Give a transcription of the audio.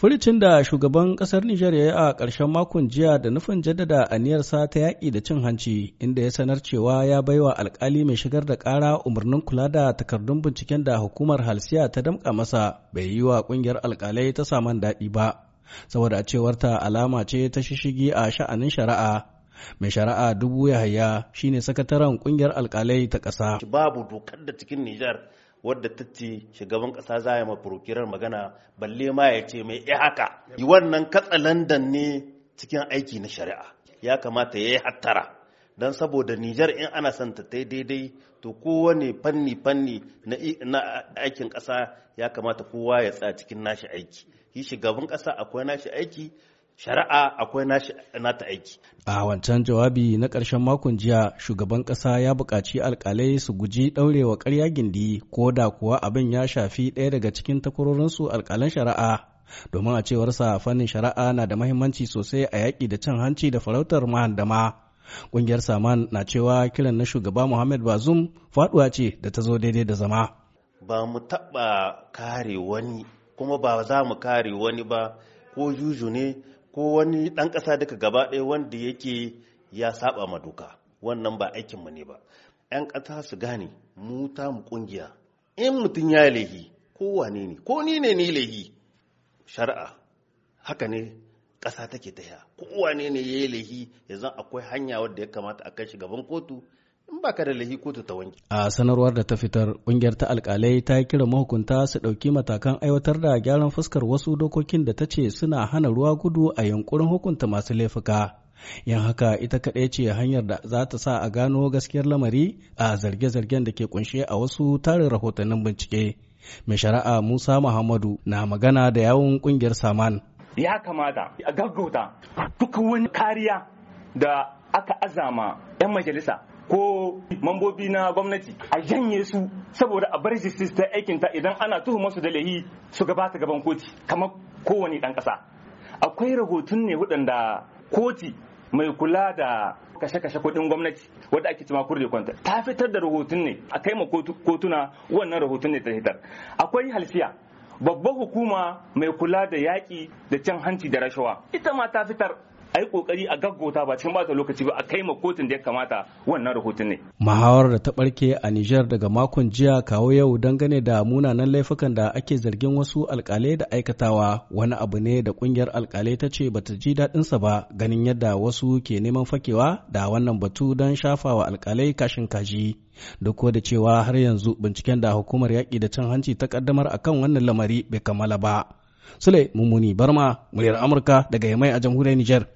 Furicin da shugaban ƙasar Nijar ya yi a ƙarshen makon jiya da nufin jaddada aniyarsa ta yaƙi da cin hanci, inda ya sanar cewa ya baiwa alkali mai shigar da ƙara umarnin kula da takardun binciken da hukumar halsiya ta damƙa masa bai yi wa ƙungiyar alkalai ta saman daɗi ba, saboda cewar ta alama ce ta shishigi a sha'anin shari'a. Mai shari'a dubu yahaya shine sakataren ƙungiyar alkalai ta ƙasa. Babu dokar da cikin Nijar wadda ta ce shugaban ƙasa za ya mafurukirar magana balle ma ya ce mai ya eh, haka Yi wannan katsalandan ne cikin aiki na shari'a ya kamata ya yi hattara don saboda Nijar in ana son ta ta daidai to kowane fanni fanni na aikin ƙasa ya kamata kowa ya tsaya cikin nashi aiki shi shugaban ƙasa akwai nashi aiki shari'a akwai nata aiki. A wancan jawabi na ƙarshen makon jiya shugaban ƙasa ya buƙaci alƙalai su guji ɗaurewa ƙarya gindi ko da kuwa abin ya shafi ɗaya daga cikin takwarorinsu alƙalan shari'a. Domin a cewarsa fannin shari'a na da mahimmanci sosai a yaƙi da cin hanci da farautar mahandama. Ƙungiyar Saman na cewa kiran na shugaba Muhammad Bazum faɗuwa ce da ta zo daidai da zama. Ba mu taɓa kare wani kuma ba za mu kare wani ba ko juju ne ko wani ɗan ƙasa duka gaba ɗaya wanda yake ya saba ma doka wannan ba aikinmu ne ba 'yan ƙasa su gane mu ta mu ƙungiya in mutum ya lehi ko wane ne ko ni ne ni lehi shari'a haka ne ƙasa take ta ko wane ne ya yi lehi yanzu akwai hanya wadda ya kamata a kai shi gaban kotu in ka da lahi kotu ta wanke. A sanarwar da ta fitar kungiyar ta alkalai ta kira mahukunta su ɗauki matakan aiwatar da gyaran fuskar wasu dokokin da ta ce suna hana ruwa gudu a yankurin hukunta masu laifuka. Yan haka ita kaɗai ce hanyar da za ta sa a gano gaskiyar lamari a zarge-zargen da ke kunshe a wasu tarin rahotannin bincike. Mai shari'a Musa Muhammadu na magana da yawun kungiyar Saman. Ya kamata a gaggauta duk wani kariya da aka azama 'yan majalisa ko mambobi na gwamnati a janye su saboda a bar justice ta aikinta idan ana tuhuma su da lahi su gabata gaban koti kamar kowane dan ƙasa akwai rahoton ne waɗanda koti mai kula da kashe-kashe kudin gwamnati wadda ake cima kurde kwanta ta fitar da rahoton ne a kai kotuna wannan rahoton ne ta fitar akwai halsiya babbar hukuma mai kula da yaƙi da cin hanci da rashawa ita ma ta fitar a yi kokari a gaggota ba cikin bata lokaci ba a kai ma kotun da ya kamata wannan rahoton ne. Muhawarar da ta barke a Nijar daga makon jiya kawo yau dangane da munanan laifukan da ake zargin wasu alkalai da aikatawa wani abu ne da kungiyar alkalai ta ce bata ji daɗin ba ganin yadda wasu ke neman fakewa da wannan batu don shafawa alkalai kashin kaji. Duk da cewa har yanzu binciken da hukumar yaƙi da cin hanci ta kaddamar akan wannan lamari bai kammala ba. Sule Mummuni Barma, muryar Amurka daga Yamai a jamhuriyar Nijar.